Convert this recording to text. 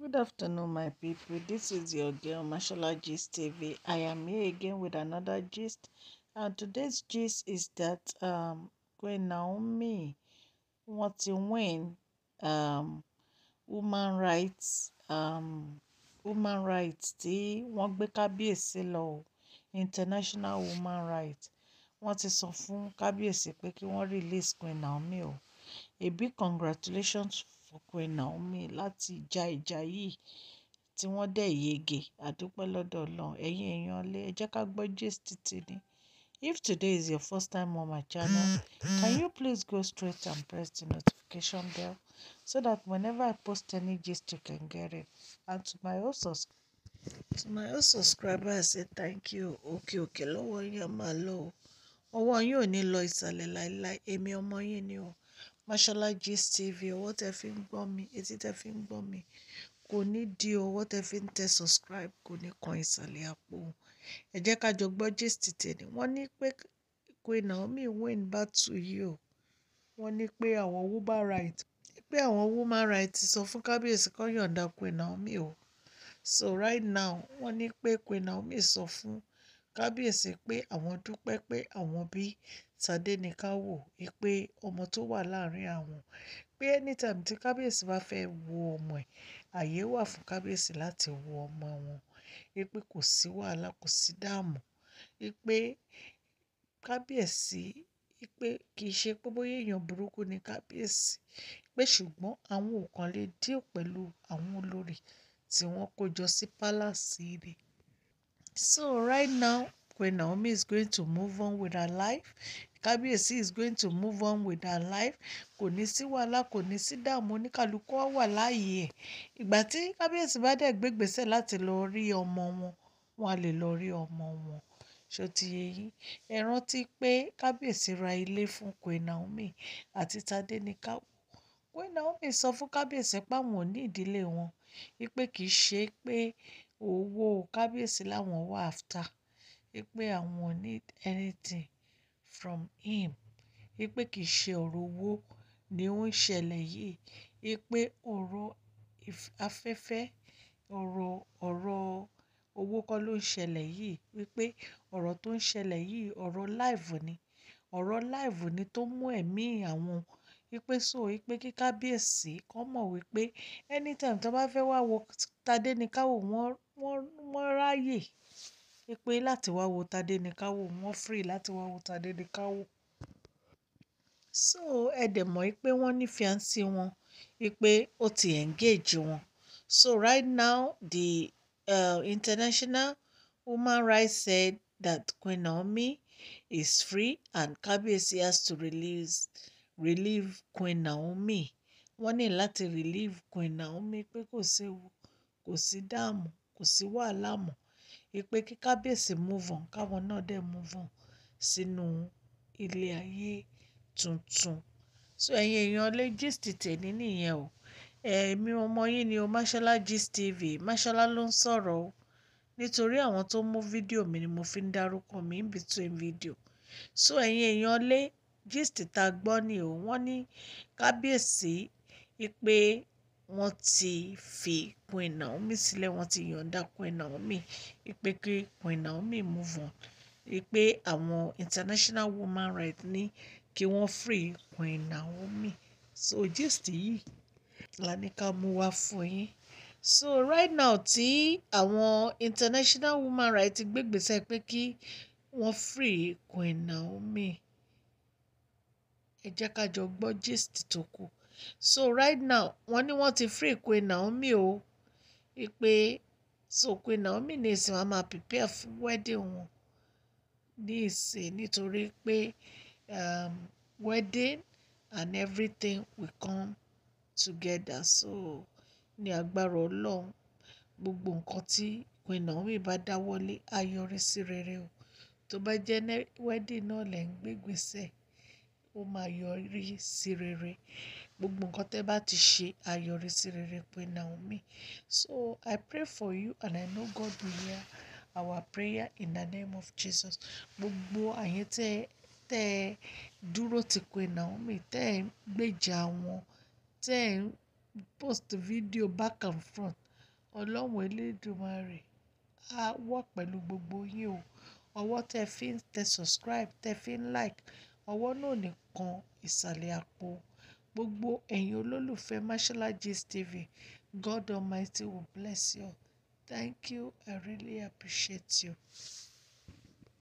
Good afternoon, my people. This is your girl Mashola Gist TV. I am here again with another gist, and today's gist is that um, Queen Naomi wọ́n ti win um, woman rights um, woman rights tí wọ́n gbé kábíyèsí international woman rights wọ́n ti sọ fún kábíyèsí pé kí wọ́n release Queen Naomi o. A big congratulations fún Naomi láti ja ìjà yìí tí wọ́n dẹ̀ yege àdúpẹ́ lọ́dọ̀ Ọlọ́run ẹ̀yin èèyàn lé ẹ jẹ́ ká gbọ́ gist títí if today is your first time on my channel can you please go straight and press the notification bell so that whenever I post any gist you can get it and to my old sus to my old subscriber I say thank you Okay, okay. lọ́wọ́ yín máa lọ o ọwọ́ yín ò ní lọ ìsàlẹ̀ láéláé èmi ọmọ yín ni o. Okay, okay, Mashola Gist TV, ọwọ́ tẹ fi ń gbọ́ mi, etí tẹ fi ń gbọ́ mi, kò ní di ọwọ́ tẹ fi ń tẹ subscribe, kò ní kan ìsàlẹ̀ àpò. Ẹ jẹ́ ká jọ gbọ́ gist tẹ̀lé. Wọ́n ní pé Queen Naomi win battle yìí o. Wọ́n ní pé àwọn woman right pé àwọn woman right sọ fún kábíyèsí kan yọ̀ǹda Queen Naomi o. So right now, wọ́n ní pé Queen Naomi sọ fún kábíyèsí pé àwọn dúpẹ́ pé àwọn bí tádéníkàwò pé ọmọ tó wà láàrin àwọn pé anytime tí kábíyèsí bá fẹ́ wo ọmọ ẹ̀ àyè wà fún kábíyèsí láti wo ọmọ wọn pé kò sí wàhálà kò sí dààmú pé kábíyèsí pé kì í ṣe pé bóyá èèyàn burúkú ni kábíyèsí pé ṣùgbọ́n àwọn ò kàn lè deal pẹ̀lú àwọn olórí tí wọ́n kó jọ sí pálásì rẹ̀ So right now, Queen Naomi is going to move on with her life. Kábíyèsí is going to move on with her life. Kò ní sí wàhálà, kò ní sí dààmú, oníkàlùkù wà láàyè ẹ̀. Ìgbà tí kábíyèsí bá dẹ̀ gbé gbèsè láti lọ rí ọmọ wọn, wọn á lè lọ rí ọmọ wọn ṣó ti yé yín pé kábíyèsí ra ilé fún Queen Naomi àti Tadé ní káwọ Queen Naomi sọ fún kábíyèsí páwọn ò ní ìdílé wọn wípé kì ṣe pé owó kábíyèsí làwọn wà after wípé àwọn need anything from him wípé kì í ṣe ọ̀rọ̀ owó ni ó ń ṣẹlẹ̀ yìí wípé ọ̀rọ̀ afẹ́fẹ́ ọ̀rọ̀ ọ̀rọ̀ owó kọ́ ló ń ṣẹlẹ̀ yìí wípé ọ̀rọ̀ tó ń ṣẹlẹ̀ yìí ọ̀rọ̀ live ni ọ̀rọ̀ live ni tó mú ẹ̀mí àwọn wípé so wípé kí kábíyèsí kọ́ mọ̀ wípé anytime tó bá fẹ́ wá wo Tadé ní káwò wọ́n wọ́n, wọ́n ráyè pé láti wá wo Tádéníkáwò, wọ́n free láti wá wo Tádéníkáwò. So ẹ dẹ̀ mọ̀ pé wọ́n ní fiancé wọn, pé ó ti engage wọn. So right now the uh, International Human Rights said that Queen Naomi is free and Kabiyesi has to release, relieve Queen Naomi. Wọ́n ní láti relieve Queen Naomi pé kò séwu, kò sí dààmú kò sí wàhálà mọ́. Wípé kí kábíyèsí move on, káwọn náà dé move on sínú ilé ayé tuntun. So ẹ̀yin èèyàn ilé gist tèmi nìyẹn o. Èmi ọmọ yín ni o, Mashola Gist TV. Mashola ló ń sọ̀rọ̀ o. Nítorí àwọn tó mú fídíò mi ni mo fi ń dárúkọ mi in between video. So ẹ̀yin èèyàn ilé gist ta gbọ́ ni o. Wọ́n ní kábíyèsí wípé wọ́n ti fi Queen Naomi sílẹ̀ wọ́n ti yọ̀ǹda Queen Naomi wípé kí Queen Naomi move on wípé àwọn international woman rights ní kí wọ́n free Queen Naomi so gist yìí la ní ká mú wá fún yín so right now tí àwọn international woman rights ti gbégbèsè pé kí wọ́n free Queen Naomi ẹ jẹ́ ká jọ gbọ́ gist tó kù so right now wọ́n ní wọ́n ti free Queen Naomi o ìpè so Queen Naomi ní ìsìn wọn máa prepare fún wedding wọn ní ìsìn nítorí pé um, wedding and everything will come together so ní agbára Ọlọ́run gbogbo nǹkan tí Queen Naomi bá dáwọ́lé á yọrí sí rere o tó bá jẹ́ wedding náà lẹ́ ń gbégbèsè ó máa yọrí sí rere. Gbogbo nǹkan tí ẹ bá ti ṣe á yọrí sí rere pé Naomi. So I pray for you and I know God will hear our prayer in the name of Jesus. Gbogbo àyè tẹ, tẹ dúró ti pé Naomi, tẹ ń gbèjà wọn, tẹ ń post video back and front. Ọlọ́run Elédùmarè á wà pẹ̀lú gbogbo yín o. Ọwọ́ tẹ fi ń tẹ subscribe, tẹ fi ń like, ọwọ́ náà nìkan ìsàlẹ̀ àpò. Gbogbo ẹ̀yin olólùfẹ́ Mashola Gist TV, God Almighty will bless you. Thank you. I really appreciate you.